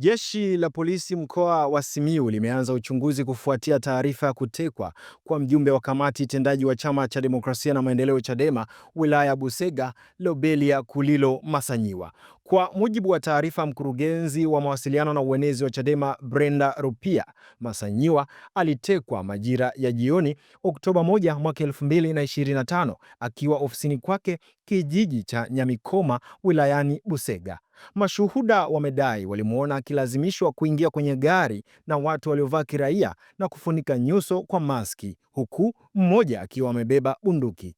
Jeshi la polisi mkoa wa Simiyu limeanza uchunguzi kufuatia taarifa ya kutekwa kwa mjumbe wa kamati tendaji wa chama cha demokrasia na maendeleo CHADEMA wilaya ya Busega, Lobelia Kulilo Masanyiwa. Kwa mujibu wa taarifa, mkurugenzi wa mawasiliano na uenezi wa CHADEMA Brenda Rupia, Masanyiwa alitekwa majira ya jioni Oktoba 1 mwaka 2025 akiwa ofisini kwake kijiji cha Nyamikoma wilayani Busega. Mashuhuda wamedai walimwona akilazimishwa kuingia kwenye gari na watu waliovaa kiraia na kufunika nyuso kwa maski, huku mmoja akiwa amebeba bunduki.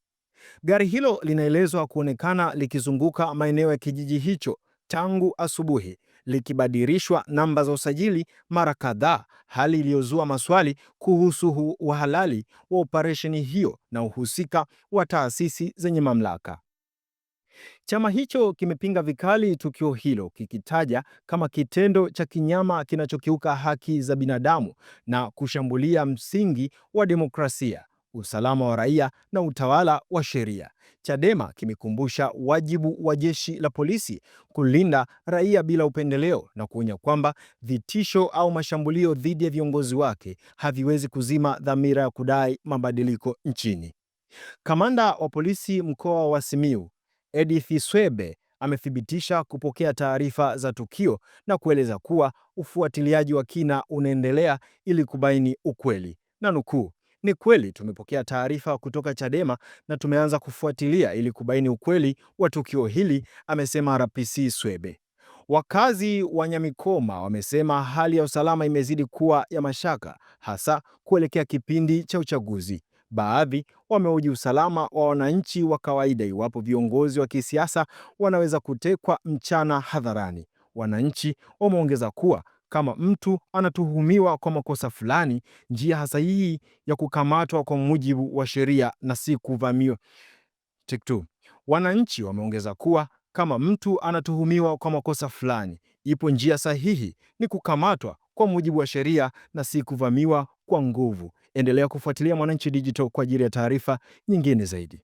Gari hilo linaelezwa kuonekana likizunguka maeneo ya kijiji hicho tangu asubuhi, likibadilishwa namba za usajili mara kadhaa, hali iliyozua maswali kuhusu uhalali wa operesheni hiyo na uhusika wa taasisi zenye mamlaka. Chama hicho kimepinga vikali tukio hilo kikitaja kama kitendo cha kinyama kinachokiuka haki za binadamu na kushambulia msingi wa demokrasia, usalama wa raia na utawala wa sheria. Chadema kimekumbusha wajibu wa jeshi la polisi kulinda raia bila upendeleo na kuonya kwamba vitisho au mashambulio dhidi ya viongozi wake haviwezi kuzima dhamira ya kudai mabadiliko nchini. Kamanda wa polisi mkoa wa Simiyu Edith Swebe amethibitisha kupokea taarifa za tukio na kueleza kuwa ufuatiliaji wa kina unaendelea ili kubaini ukweli, na nukuu, ni kweli tumepokea taarifa kutoka Chadema na tumeanza kufuatilia ili kubaini ukweli wa tukio hili, amesema RPC Swebe. Wakazi wa Nyamikoma wamesema hali ya usalama imezidi kuwa ya mashaka hasa kuelekea kipindi cha uchaguzi. Baadhi wameoji usalama wa wananchi wa kawaida iwapo viongozi wa kisiasa wanaweza kutekwa mchana hadharani. Wananchi wameongeza kuwa kama mtu anatuhumiwa kwa makosa fulani, njia sahihi ya kukamatwa kwa mujibu wa sheria na si kuvamiwa. Wananchi wameongeza kuwa kama mtu anatuhumiwa kwa makosa fulani, ipo njia sahihi ni kukamatwa kwa mujibu wa sheria na si kuvamiwa kwa nguvu. Endelea kufuatilia Mwananchi Digital kwa ajili ya taarifa nyingine zaidi.